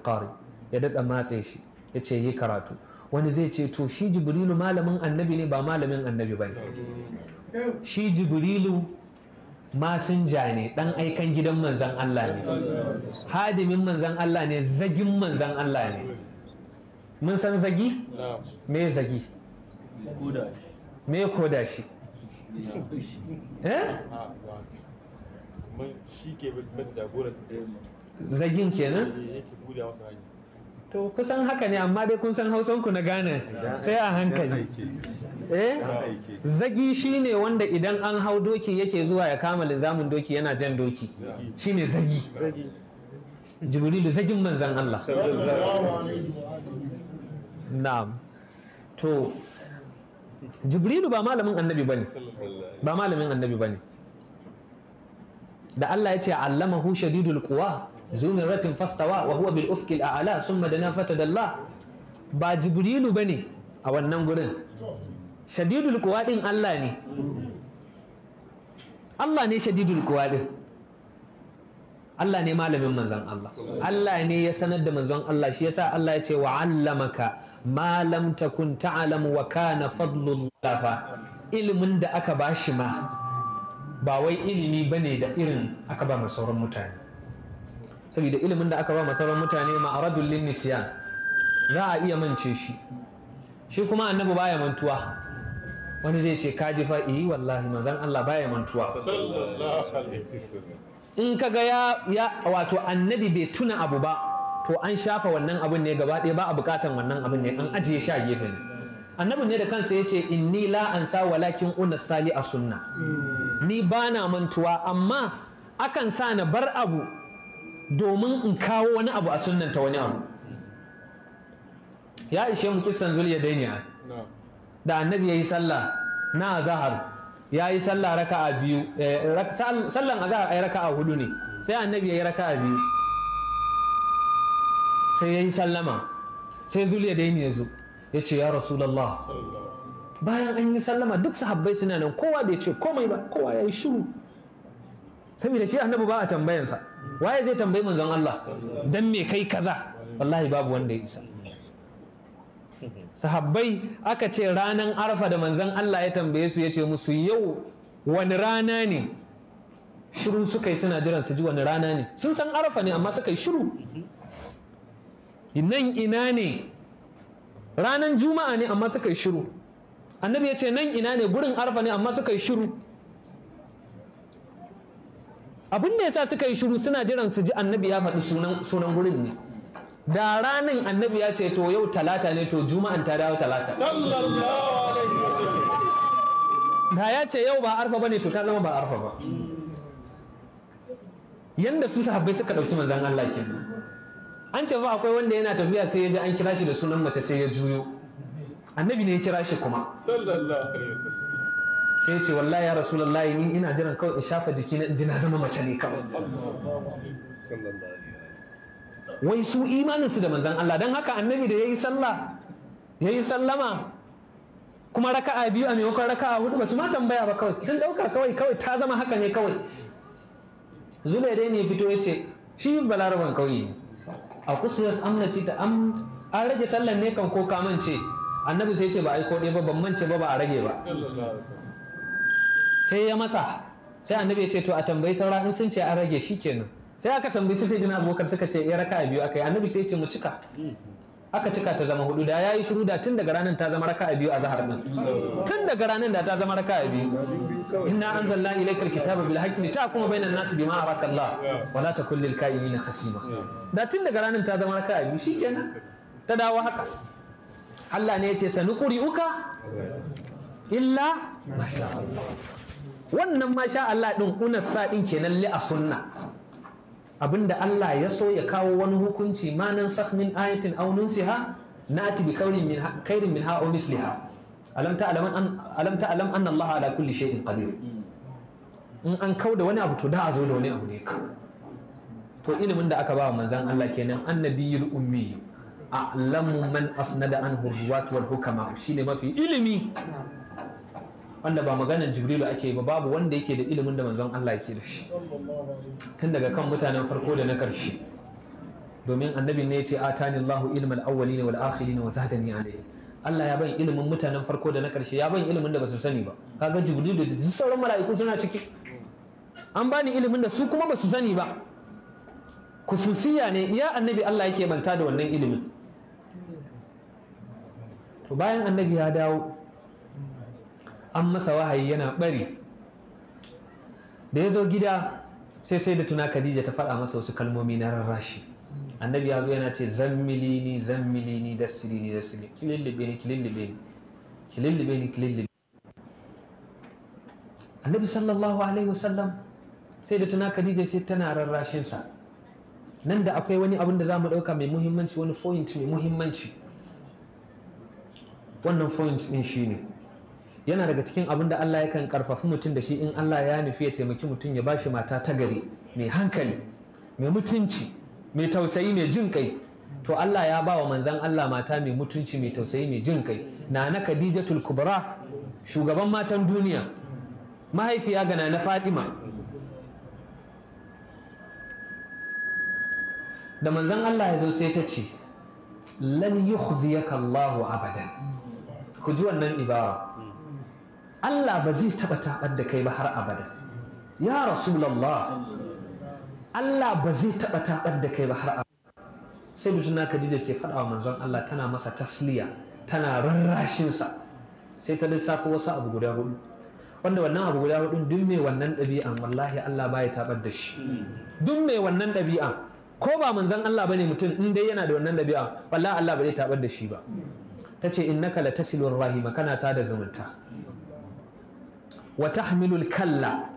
ya daɗa matse shi ya ce yi karatu wani zai ce to shi jibrilu malamin annabi ne ba malamin annabi ba shi jibrilu masinja ne ɗan aikan gidan manzan Allah ne hadimin manzan Allah ne zagin manzan Allah ne mun san zagi? me zagi? me koda eh? eh? shi? eh? zagin kenan? Eh, to kusan haka ne amma dai kun san hausanku na gane sai a hankali eh zagi shi ne wanda idan an hau doki yake zuwa ya kama linzamin doki yana jan doki Shi ne zagi jibrilu zagin manzan Allah na'am to jibrilu ba malamin annabi bane ba malamin annabi bane da Allah ya ce allamahu shadidul quwa zumiratin fastawa wa huwa bil ufqil a'la thumma dana fatadalla ba jibrilu bane a wannan gurin shadidul quwa din Allah ne Allah ne shadidul quwa din Allah ne malamin manzon Allah Allah ne ya sanar da manzon Allah shi yasa Allah ya ce wa allamaka ma lam takun ta'lam wa kana fadlullah fa ilimin da aka bashi ma ba wai ilimi bane da irin aka ba sauran mutane saboda ilimin da aka ba sauran mutane ma'aradul lin nisyan za a iya mance shi shi kuma annabi baya mantuwa wani zai ce kaji fa eh wallahi manzon Allah baya mantuwa in kaga ya wato annabi bai tuna abu ba to an shafa wannan abin ne gaba ɗaya ba a bukatan wannan abin ne an ajiye sha a gefe ne annabi ne da kansa ya ce inni la sa walakin una sali a sunna hmm. ni ba na mantuwa amma akan sa na bar abu domin in kawo wani abu a ta wani abu ya ishe mu kissan zuliya dainiya da annabi ya yi sallah na zahar ya yi sallah raka'a biyu eh, sallan azhar ai raka'a hudu ne sai annabi ya yi raka'a biyu sai ya yi sallama sai zuliya da ya zo ya ce ya rasulallah bayan an yi sallama duk sahabbai suna nan kowa bai ce komai ba kowa ya yi shiru saboda shi annabi ba a tambayansa waye zai tambayi manzon Allah dan me kai kaza wallahi babu wanda ya isa sahabbai aka ce ranan arfa da manzon Allah ya tambaye su ya ce musu yau wani rana ne shiru suka yi suna jiran su ji wani rana ne sun san arfa ne amma suka yi shiru nan ina ne ranar juma'a ne amma suka yi shiru annabi ya ce nan ina ne gurin arfa ne amma suka yi shiru abin da yasa suka yi shiru suna jiran su ji annabi ya faɗi sunan gurin ne da ranar annabi ya ce to yau talata ne to juma'an ta dawo talata da ya ce yau ba arfa bane to ta zama ba arfa ba yanda su sahabbai suka ɗauki manzan Allah kenan an ce ba akwai wanda yana tafiya sai ya ji an kira shi da sunan mace sai ya juyo annabi ne ya kira shi kuma sai ya ce wallahi ya lallai ni ina jiran kawai in shafa jiki na jina zama mace ne kawai wai su imaninsu da manzan Allah don haka annabi da ya yi sallah ya yi sallama kuma raka'a biyu a maimakon raka'a hudu ba su ma tambaya ba kawai sun dauka kawai kawai ta zama haka ne kawai Zulai dai ne fito ya ce shi balaraban kauye ne a kusurat amnasi ta an rage sallan ne kan ko kamance annabi sai ce ba aiko ɗaya ba ban mance ba ba a rage ba sai ya masa sai annabi ya ce to a tambayi saura in sun ce an rage shi kenan sai aka tambayi sai gina abokar suka ce ya eh, raka biyu aka yi annabi sai ya ce mu cika aka cika ta zama hudu da ya yi shiru da tun daga ranar ta zama raka'a biyu a zahar nan tun daga ranar da ta zama raka'a biyu inna anzalna ilayka alkitaba bil haqqi ta kuma bainan nasi bima araka Allah wala takul lil kainina khasima da tun daga ranar ta zama raka'a biyu shikenan ta dawo haka Allah ne ya ce sanukuri uka illa masha Allah wannan masha Allah din kunar sa din kenan li a sunna abinda Allah ya so ya kawo wani hukunci ma nan sakh min ayatin aw nunsiha na'ti bi kaurin min min minha aw misliha alam ta'lam an alam ta'lam anna Allah ala kulli shay'in qadir in an kauda wani abu to da a zo da wani abu ne to ilimin da aka ba wa manzan Allah kenan annabiyul ummi a'lamu man asnada anhu ruwat wal hukama shine mafi ilimi wanda ba maganar jibrilu ake ba babu wanda yake da ilimin da manzon Allah yake da shi tun daga kan mutanen farko da na karshe domin annabi ne ya ce atani Allahu ilmal awwalina wal akhirina wa zadani alayhi Allah ya ban ilimin mutanen farko da na karshe ya ban ilimin da ba su sani ba kaga jibrilu da duk sauran mala'iku suna ciki an bani ilimin da su kuma ba su sani ba kususiya ne iya annabi Allah yake manta da wannan ilimin to bayan annabi ya dawo an masa wahayi yana bari da ya zo gida sai sai da tuna khadija ta faɗa masa wasu kalmomi na rarrashi annabi ya zo yana ce zammili ni zammili ni siri ni siri kilillibe ni kilillibe ni kilillibe ni kilillibe annabi sallallahu alaihi wasallam sai da tuna khadija sai tana rarrashinsa nan da akwai wani abin da za mu ɗauka mai muhimmanci wani point mai muhimmanci wannan point ɗin shine ne yana daga cikin abin da Allah yakan karfafi mutum da shi in Allah ya nufi ya taimaki mutum ya bashi mata ta gari mai hankali mai mutunci mai tausayi mai jin kai to Allah ya ba wa manzan Allah mata mai mutunci mai tausayi mai jin kai na na Khadijatul Kubra shugaban matan duniya mahaifiya ga na Fatima da manzan Allah ya zo sai ta ce lan yukhziyaka Allahu abadan ku ji wannan ibara Allah ba zai taɓa taɓar da kai ba har abada ya rasulallah Allah ba zai taɓa taɓar da kai ba har abada sai da Khadija ke faɗa wa manzon Allah tana masa tasliya tana rarrashinsa sai ta lissafa wasu abu guda hudu wanda wannan abu guda hudun duk mai wannan ɗabi'an wallahi Allah baya taɓar da shi duk mai wannan ɗabi'an ko ba manzon Allah bane mutum in dai yana da wannan ɗabi'an, wallahi Allah ba zai taɓar da shi ba ta tace innaka latasilur rahima kana sada zumunta wa tahmilul kalla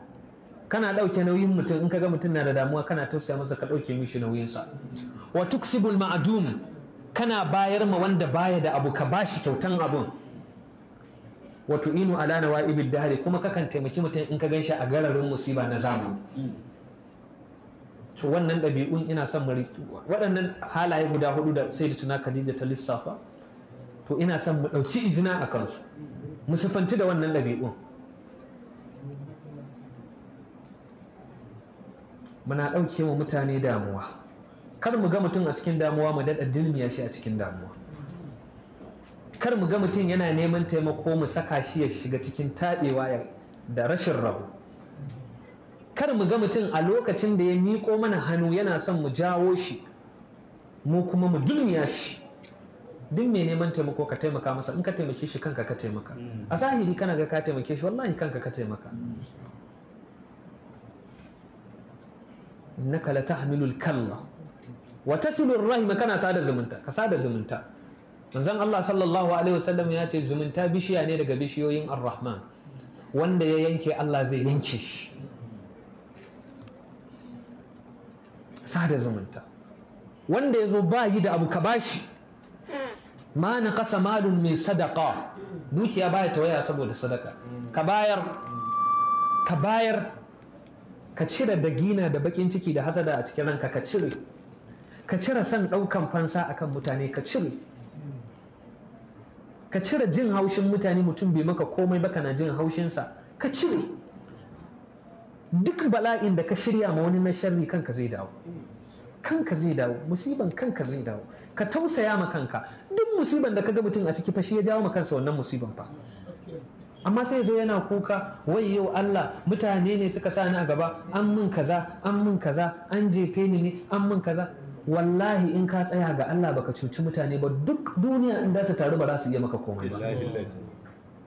kana ɗauke nauyin mutum in kaga mutum na da damuwa kana tausaya masa ka ɗauke mishi nauyinsa wa tuksibul ma'dum kana bayar ma wanda baya da abu ka bashi kyautan abun wa tu'inu ala nawa'ibid dahri kuma kakan taimaki mutum in ka ganshi a gararin musiba na zamani to wannan dabi'un ina son mari waɗannan halaye guda hudu da sai da tuna Khadija ta lissafa to ina son mu ɗauki izina a su. mu sifanti da wannan ɗabi'un muna ɗauke wa mutane damuwa kar mu ga mutum a cikin damuwa mu daɗa dilmiya shi a cikin damuwa kar mu ga mutum yana neman taimako mu saka shi ya shiga cikin taɓewa da rashin rabu kar mu ga mutum a lokacin da ya miƙo mana hannu yana son mu jawo shi mu kuma mu dulmiya shi duk mai neman taimako ka taimaka masa in ka taimake shi kanka ka taimaka a zahiri kana ga ka taimake shi wallahi kanka ka taimaka innaka al kalla wa ar rahima kana sada zumunta ka sada zumunta manzon Allah sallallahu alaihi wasallam ya ce zumunta bishiya ne daga bishiyoyin ar-rahman wanda ya yanke Allah zai yanke shi sada zumunta wanda ya zo ba yi da abu ka bashi ma na kasa malun mai sadaka dukiya baya ta waya saboda sadaka ka bayar ka bayar ka cire da gina da bakin ciki da hasada a cikin ranka ka cire ka cire son ɗaukan fansa akan mutane ka cire ka cire jin haushin mutane mutum bai maka komai ba kana jin haushinsa ka cire duk bala'in da ka shirya ma wani na sharri kanka zai dawo kanka zai dawo musiban kanka zai dawo ka tausaya ma kanka duk musiban da ka ga mutum a ciki fa shi ya jawo ma kansa wannan musiban fa amma sai zo yana kuka wai yau Allah mutane ne suka sa ni a gaba an mun kaza an min kaza an jefe ni ne an min kaza wallahi in ka tsaya ga Allah baka cuci mutane ba duk duniya in su taru ba za su iya maka komai ba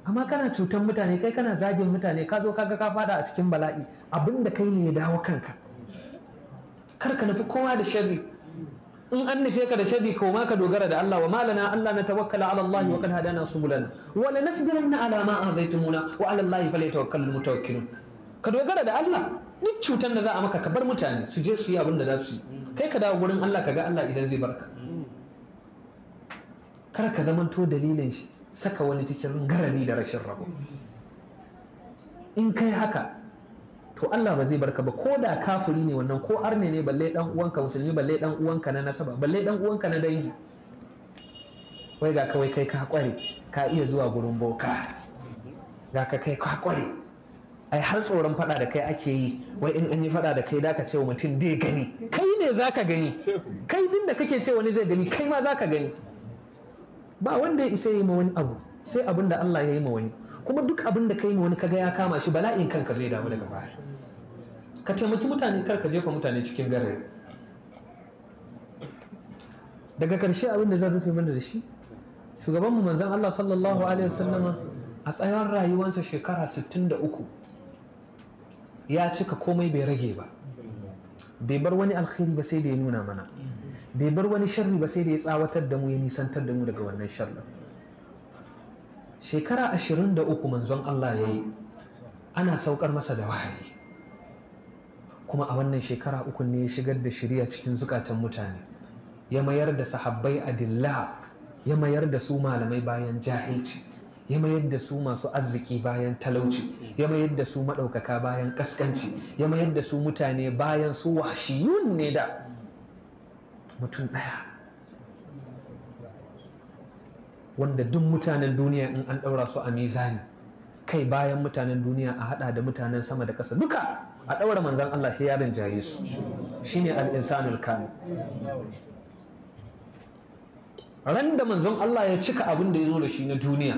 amma kana cutan mutane kai kana zagin mutane ka zo kaga ka fada a cikin bala'i abinda kai ne ya dawo kanka kar ka nufi kowa da sharri in an nufe ka da shadi ko ma ka dogara da Allah wa malana Allah na tawakkala ala Allah wa kan hadana subulana wa la nasbiranna ala ma azaitumuna wa ala Allah falyatawakkalul mutawakkilun ka dogara da Allah duk cutan da za a maka ka bar mutane su je su yi abin da za su yi kai ka dawo gurin Allah ka ga Allah idan zai barka kar ka zamanto dalilin shi saka wani cikin garami da rashin rabo in kai haka to Allah ba zai barka ba ko da kafiri ne wannan ko arne ne balle dan uwanka musulmi balle dan uwanka na nasaba balle dan uwanka na dangi wai ga kawai kai ka kware ka iya zuwa gurin boka ga ka kai ka kware ai har tsoron fada da kai ake yi wai in an yi fada da kai da ka ce wa mutum dai gani kai ne zaka gani kai din da kake ce wani zai gani kai ma zaka gani ba wanda ya isa yi ma wani abu sai abin da Allah ya yi ma wani kuma duk abin da kai ma wani kaga ya kama shi bala'in kanka zai damu daga baya ka taimaki mutane kar ka jefa mutane cikin gare. daga karshe abin da zan rufe mana da shi shugaban shugabanmu manzon Allah sallallahu alaihi wasallam a tsayar rayuwansa shekara 63 ya cika komai bai rage ba bai bar wani alkhairi ba sai da ya nuna mana bai bar wani sharri ba sai da ya tsawatar da mu ya nisantar da mu daga wannan sharrin shekara ashirin da uku manzon Allah ya yi ana saukar masa da wahayi kuma a wannan shekara uku ne ya shigar da shirya cikin zukatan mutane ya mayar da sahabbai a adilla ya mayar da su malamai bayan jahilci ya mayar da su masu arziki bayan talauci ya mayar da su maɗaukaka bayan ƙaskanci ya mayar da su mutane bayan su washiyun ne da mutum ɗaya wanda duk mutanen duniya in an ɗaura su a mizani kai bayan mutanen duniya a hada da mutanen sama da ƙasa duka a ɗaura manzan Allah sai yaron jaye su Shi ne al’insanul kamil ran da manzon Allah ya cika abin da ya zo da shi na duniya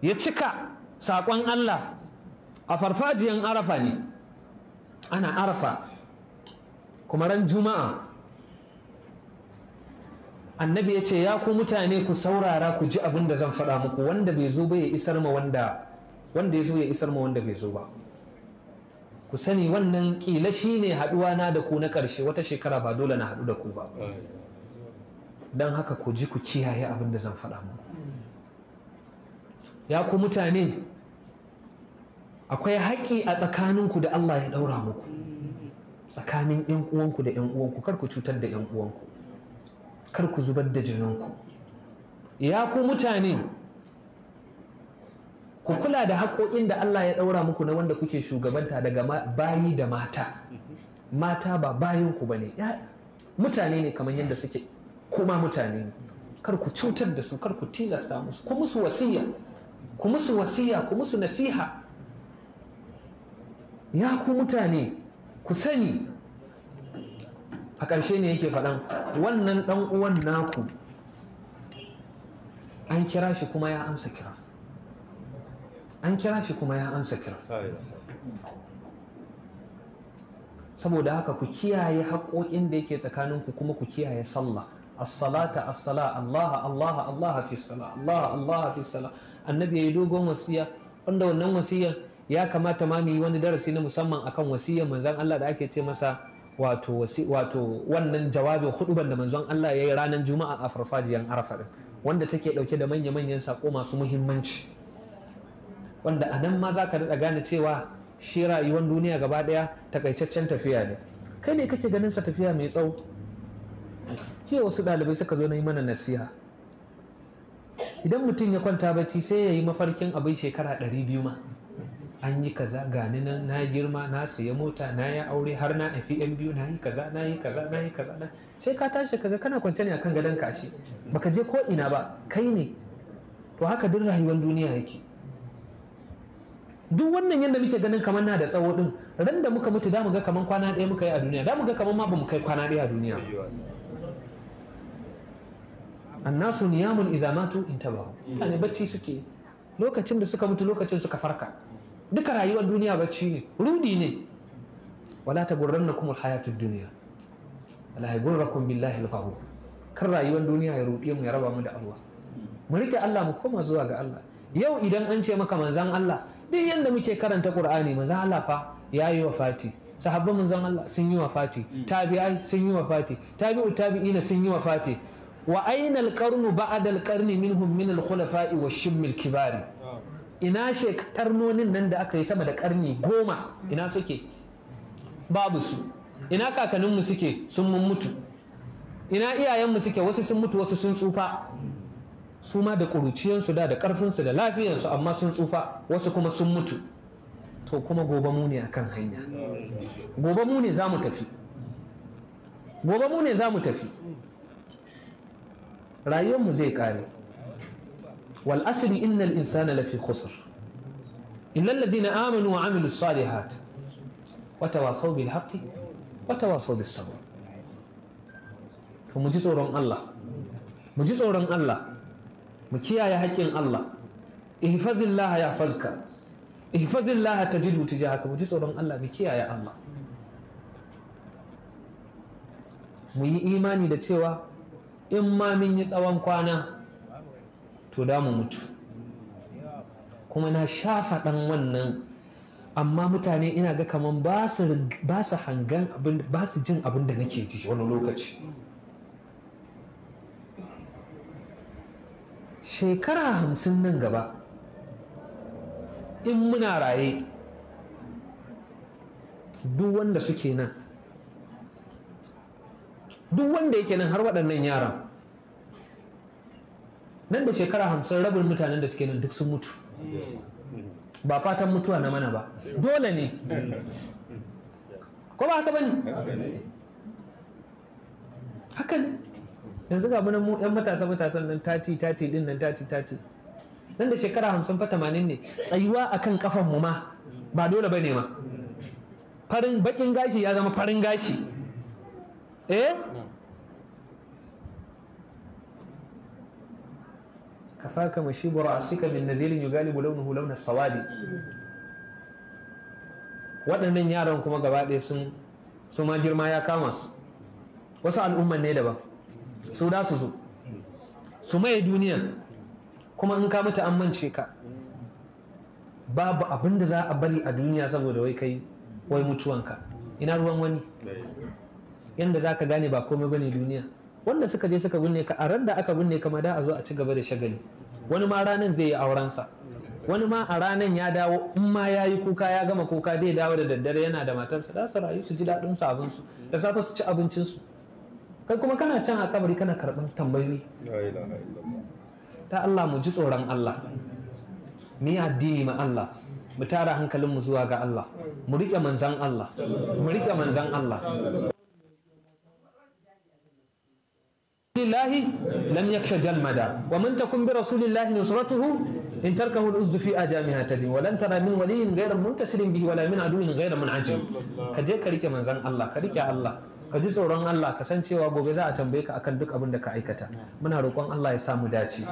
ya cika saƙon Allah a farfajiyan arafa ne ana arafa kuma ran juma'a annabi ya ce ya ku mutane ku saurara ku ji abin da zan faɗa muku wanda bai zo ba ya isar ma wanda wanda ya zo ya isar ma wanda bai zo ba ku sani wannan kila shi ne haɗuwa na da ku na ƙarshe wata shekara ba dole na haɗu da ku ba don haka ku ji ku kiyaye abin da zan faɗa muku ya ku mutane akwai haƙƙi a tsakaninku da Allah ya ɗaura muku tsakanin 'yan uwanku da 'yan uwanku kar ku cutar da 'yan uwanku kar ku zubar da jininku ya ku mutane ku kula da haƙoƙin da Allah ya ɗaura muku na wanda kuke shugabanta daga bayi da mata mata ba bayanku ba ne mutane ne kamar yadda suke kuma mutane ne kar ku cutar da su kar ku tilasta musu ku musu wasiya ku musu wasiya ku musu nasiha ya ku mutane ku sani a ƙarshe ne yake faɗan wannan ɗan uwan naku an kira shi kuma ya amsa kira an kira shi kuma ya amsa kira saboda haka ku kiyaye haƙoƙin da yake tsakaninku kuma ku kiyaye sallah as-salata as-sala Allah Allah Allah fi sala Allah Allah fi sala annabi yayi dogon wasiya wanda wannan wasiyar ya kamata ma mu yi wani darasi na musamman akan wasiyar manzon Allah da ake ce masa wato wato wannan jawabin hudu da manzon Allah ya yi ranar juma'a a farfajiyar arafa din wanda take dauke da manya-manyan sako masu muhimmanci wanda a nan ma za ka daɗa gane cewa shi rayuwar duniya gaba ɗaya takaitaccen tafiya ne kai ne kake ganin sa tafiya mai tsawo ce wasu ɗalibai suka zo na yi mana nasiha idan mutum ya kwanta bacci sai ya yi mafarkin abin shekara ɗari biyu ma an yi kaza gani nan na girma na siya mota na yi aure har na haifi yan biyu na yi kaza na yi kaza na yi kaza sai ka tashi kaza kana kwance ne akan gadon kashi baka je ko ina ba kai ne to haka duk rayuwar duniya yake duk wannan yadda muke ganin kamar na da tsawo din ran da muka mutu da mu ga kamar kwana ɗaya muka yi a duniya da mu ga kamar ma ba mu kai kwana daya a duniya annasu niyamun izamatu intabahu mutane bacci suke lokacin da suka mutu lokacin suka farka duka rayuwar duniya bacci ne rudi ne wala ta gurran na kuma hayatun duniya wala ya gurra kun billahi alfahu kan rayuwar duniya ya ruɗe mu ya raba mu da Allah mu rike Allah mu koma zuwa ga Allah yau idan an ce maka manzan Allah duk yanda muke karanta Qur'ani manzan Allah fa yayi wafati sahabban manzon Allah sun yi wafati mm. tabi'ai sun yi wafati tabi'u tabi'ina sun yi wafati wa ainal qarnu ba'da al-qarni minhum min al-khulafa'i wa shimmil kibari ina nonin nan da aka yi sama da karni goma ina suke babu su ina kakanninmu suke sun mun mutu ina iyayenmu suke wasu sun mutu wasu sun tsufa su ma da ƙuruciyansu da da ƙarfinsu da lafiyansu amma sun tsufa wasu kuma sun mutu to kuma gobe mu ne akan hanya gobe mu ne za mu tafi gobe mu ne za mu tafi rayuwarmu zai ƙare wal asri innal insana lafi khusr illal ladzina amanu wa amilus salihat wa tawasaw bil haqqi wa tawasaw bis sabr mu ji tsoron Allah mu ji tsoron Allah mu kiyaye haƙƙin Allah ihfazillaha yahfazka ihfazillaha tajidhu tijahaka mu ji tsoron Allah mu kiyaye Allah mu yi imani da cewa in ma yi tsawon kwana to da mu mutu kuma na shafa dan wannan amma mutane ina ga kaman ba su hangan ba su jin abin da nake ji wani lokaci shekara hamsin nan gaba in muna raye duk wanda suke nan duk wanda yake nan har waɗannan yaran nan da shekara hamsin rabin mutanen da suke nan duk sun mutu ba fatan mutuwa na mana ba dole ne ko ba haka bane haka ne yanzu ga mu mu yan matasa matasan nan tati tati din nan tati tati nan da shekara hamsin fa tamanin ne tsayuwa akan kafan mu ma ba dole bane ma farin bakin gashi ya zama farin gashi eh kafaka mashibu ra'asika min nazilin yugalibu launuhu launa sawadi waɗannan yaran kuma gaba ɗaya sun su ma girma ya kama su wasu al'umman ne daban su da su zo su maye duniya kuma in ka mutu an mance ka babu abin da za a bari a duniya saboda wai kai wai mutuwanka ina ruwan wani yadda za ka gane ba komai bane duniya wanda suka je suka binne ka a ran da aka binne ka ma da a zo a ci gaba da shagali wani ma ranan zai yi aurensa wani ma a ranan ya dawo in ma ya yi kuka ya gama kuka zai dawo da daddare yana da matarsa za su rayu su ji daɗin su abin su da safe su ci abincin su kai kuma kana can a kabari kana karɓar tambayoyi ta Allah mu ji tsoron Allah mu yi addini ma Allah mu tara hankalinmu zuwa ga Allah mu riƙe manzan Allah mu riƙe manzan Allah الله لم يكش جلمدا ومن تكن برسول الله نصرته إن تركه الأزد في آجامها تدين ولن ترى من ولي غير منتصر به ولا من عدو غير منعجم كجي كريك من زن الله كريك الله ka ji tsoron Allah ka san cewa gobe za a tambaye ka akan duk abin da ka aikata muna roƙon Allah ya sa mu dace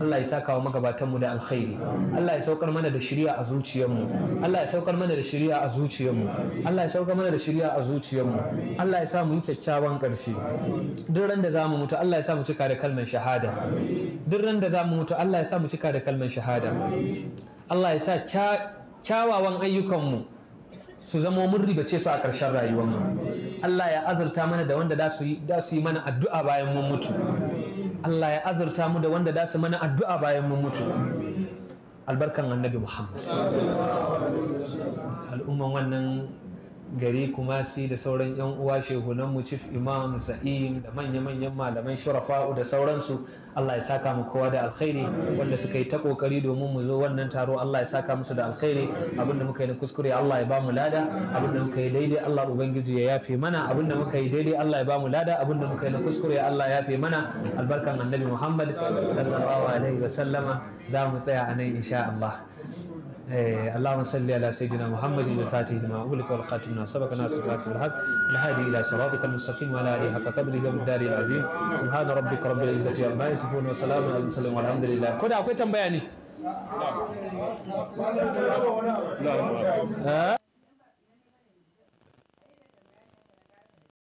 Allah ya saka wa magabatan mu da alkhairi Allah ya saukar mana da shari'a a mu. Allah ya saukar mana da shari'a a mu Allah ya saukar mana da shari'a a mu Allah ya sa mu yi kyakkyawan ƙarshe duk ran da za mu mutu Allah ya sa mu cika da kalmar shahada duk ran da za mu mutu Allah ya sa mu cika da kalmar shahada Allah ya sa kyawawan ayyukanmu su zamo mun ribace su a ƙarshen rayuwarmu Allah ya azurta mana da wanda da su yi mana addu'a bayan mun mutu Allah ya azurta mu da wanda da su mana addu'a bayan mun mutu albarkan annabi Muhammad al'umman wannan gari kuma kumasi da sauran yan uwa shehunan mu chief imam sa'im da manya-manyan malaman shurafa'u da sauransu Allah ya saka mu kowa da alkhairi wanda suka yi ta kokari domin mu zo wannan taro Allah ya saka musu da alkhairi abinda muka yi na kuskure Allah ya ba mu lada abinda muka yi daidai Allah ubangiji ya yafe mana abinda muka yi daidai Allah ya ba mu lada abinda muka yi na kuskure Allah ya yafe mana albarkan annabi Muhammad sallallahu alaihi wa sallama za mu tsaya a nan insha Allah إيه، اللهم صل على سيدنا محمد الفاتح لما أغلق والخاتم لما سبق ناصر الحق الهادي إلى صراطك المستقيم وعلى آله حق قدره ومقداره العظيم سبحان ربك رب العزة عما يصفون وسلام على المرسلين والحمد لله كنا لا لا ها